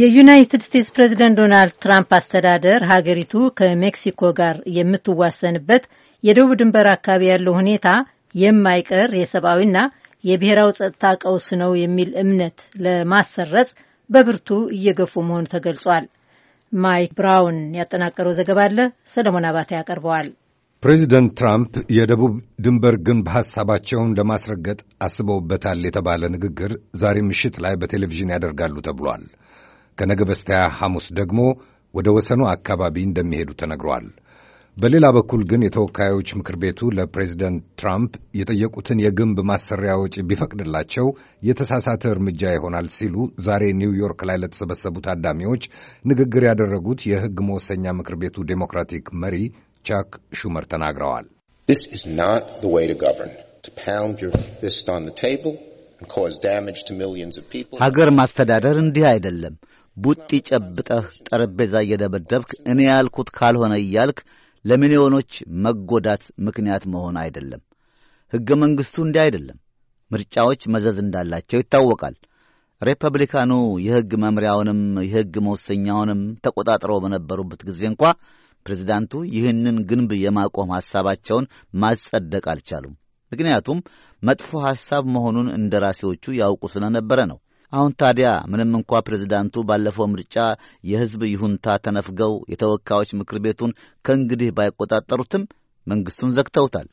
የዩናይትድ ስቴትስ ፕሬዚደንት ዶናልድ ትራምፕ አስተዳደር ሀገሪቱ ከሜክሲኮ ጋር የምትዋሰንበት የደቡብ ድንበር አካባቢ ያለው ሁኔታ የማይቀር የሰብአዊና የብሔራዊ ጸጥታ ቀውስ ነው የሚል እምነት ለማሰረጽ በብርቱ እየገፉ መሆኑ ተገልጿል። ማይክ ብራውን ያጠናቀረው ዘገባ አለ፣ ሰለሞን አባተ ያቀርበዋል። ፕሬዚደንት ትራምፕ የደቡብ ድንበር ግንብ ሐሳባቸውን ለማስረገጥ አስበውበታል የተባለ ንግግር ዛሬ ምሽት ላይ በቴሌቪዥን ያደርጋሉ ተብሏል። ከነገ በስቲያ ሐሙስ ደግሞ ወደ ወሰኑ አካባቢ እንደሚሄዱ ተነግሯል። በሌላ በኩል ግን የተወካዮች ምክር ቤቱ ለፕሬዚደንት ትራምፕ የጠየቁትን የግንብ ማሰሪያ ወጪ ቢፈቅድላቸው የተሳሳተ እርምጃ ይሆናል ሲሉ ዛሬ ኒውዮርክ ላይ ለተሰበሰቡ ታዳሚዎች ንግግር ያደረጉት የሕግ መወሰኛ ምክር ቤቱ ዴሞክራቲክ መሪ ቻክ ሹመር ተናግረዋል። ሀገር ማስተዳደር እንዲህ አይደለም። ቡጢ ጨብጠህ ጠረጴዛ እየደበደብክ እኔ ያልኩት ካልሆነ እያልክ ለሚሊዮኖች መጎዳት ምክንያት መሆን አይደለም። ሕገ መንግሥቱ እንዲህ አይደለም። ምርጫዎች መዘዝ እንዳላቸው ይታወቃል። ሬፐብሊካኑ የሕግ መምሪያውንም የሕግ መወሰኛውንም ተቆጣጥረው በነበሩበት ጊዜ እንኳ ፕሬዚዳንቱ ይህንን ግንብ የማቆም ሐሳባቸውን ማጸደቅ አልቻሉም። ምክንያቱም መጥፎ ሐሳብ መሆኑን እንደራሴዎቹ ያውቁ ስለነበረ ነው። አሁን ታዲያ ምንም እንኳ ፕሬዚዳንቱ ባለፈው ምርጫ የሕዝብ ይሁንታ ተነፍገው የተወካዮች ምክር ቤቱን ከእንግዲህ ባይቆጣጠሩትም መንግሥቱን ዘግተውታል።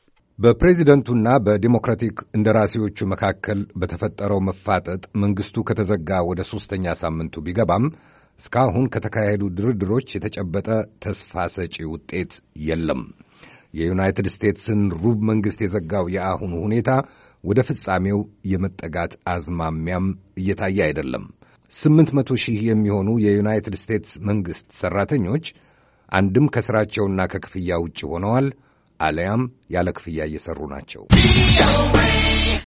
በፕሬዚደንቱና በዲሞክራቲክ እንደራሴዎቹ መካከል በተፈጠረው መፋጠጥ መንግሥቱ ከተዘጋ ወደ ሦስተኛ ሳምንቱ ቢገባም እስካሁን ከተካሄዱ ድርድሮች የተጨበጠ ተስፋ ሰጪ ውጤት የለም። የዩናይትድ ስቴትስን ሩብ መንግሥት የዘጋው የአሁኑ ሁኔታ ወደ ፍጻሜው የመጠጋት አዝማሚያም እየታየ አይደለም። ስምንት መቶ ሺህ የሚሆኑ የዩናይትድ ስቴትስ መንግሥት ሠራተኞች አንድም ከሥራቸውና ከክፍያ ውጭ ሆነዋል፣ አለያም ያለ ክፍያ እየሠሩ ናቸው።